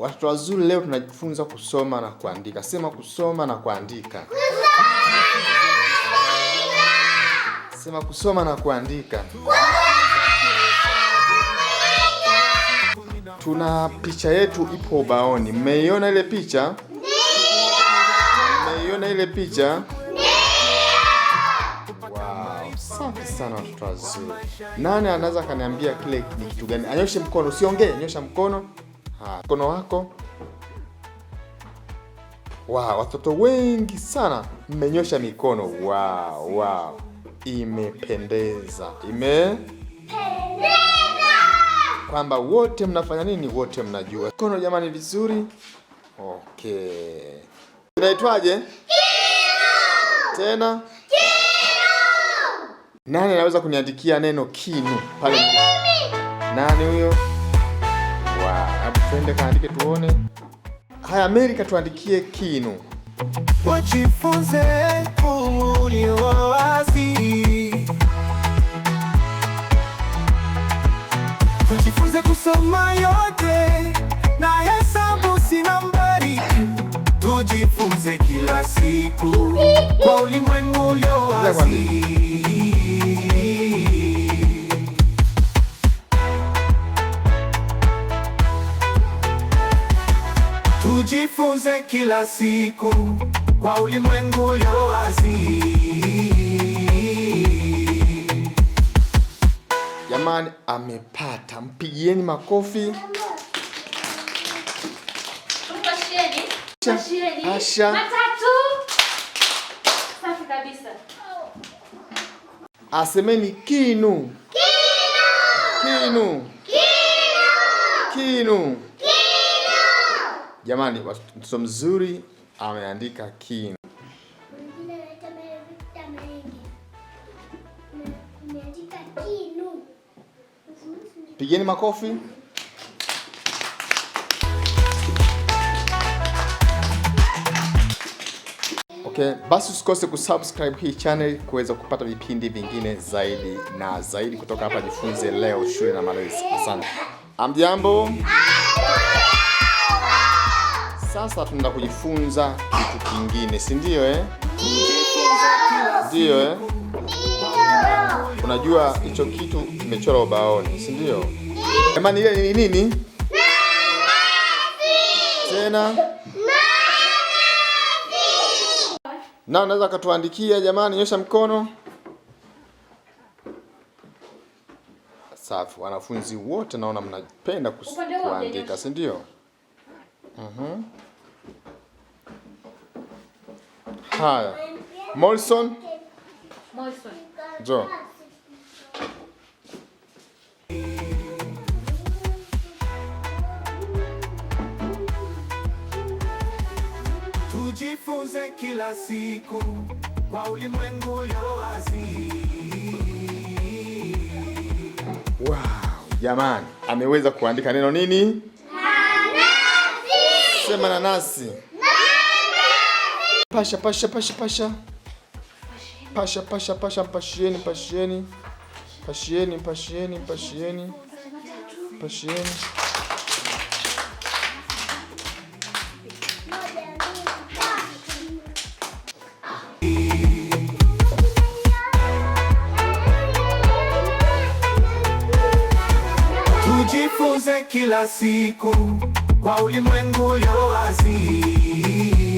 Watoto wazuri, leo tunajifunza kusoma na kuandika. Sema kusoma na kuandika. Sema kusoma na kuandika. Tuna picha yetu ipo ubaoni. Mmeiona ile picha? Mmeiona ile picha? sana watoto wazuri. Nani anaweza kaniambia kile ni kitu gani? Anyoshe mkono, usiongee, nyosha mkono mkono wako. Wow, watoto wengi sana mmenyosha mikono. Wow, wow. Imependeza, imependeza, kwamba wote mnafanya nini? Wote mnajua mikono jamani, vizuri. Okay, inaitwaje tena? Kinu. Nani anaweza kuniandikia neno kinu pale? Nani huyo? Twende kaandike tuone. Haya, amerika tuandikie kinu. Wajifunze wa wazi, wajifunze kusoma yote na hesabu si nambari, tujifunze kila siku kwa ulimwengu ulio wazi. Tujifunze kila siku kwa ulimwengu ulio wazi. Jamani, amepata, mpigieni makofi. Asha. Matatu. Safi kabisa. Asemeni kinu. Kinu. Kinu. Kinu. Kinu. Jamani, mtoto mzuri ameandika kina. Pigeni makofi. Okay, basi usikose kusubscribe hii channel kuweza kupata vipindi vingine zaidi na zaidi kutoka hapa Jifunze Leo Shule na Malezi. Asante. Amjambo. Sasa tunaenda kujifunza kitu kingine, si ndio eh? Ndio eh? Unajua hicho kitu kimechora ubaoni, si ndio? Jamani, ile ni nini tena? Na unaweza katuandikia jamani, nyosha mkono. Safi, wanafunzi wote naona mnapenda kuandika, si ndio? Mm-hmm. Haya, Molson Molson, Jo. tujifunze kila siku kwa ulimwengu ulio Wow, jamani, ameweza kuandika neno nini? Pashe mananasi. Pasha, pasha, pasha, pasha. Pasha, pasha, pasha, mpashieni, pashieni. Pashieni, pashieni, pashieni. Pashieni. Tujifunze kila siku kwa ulimwengu ulio wazi.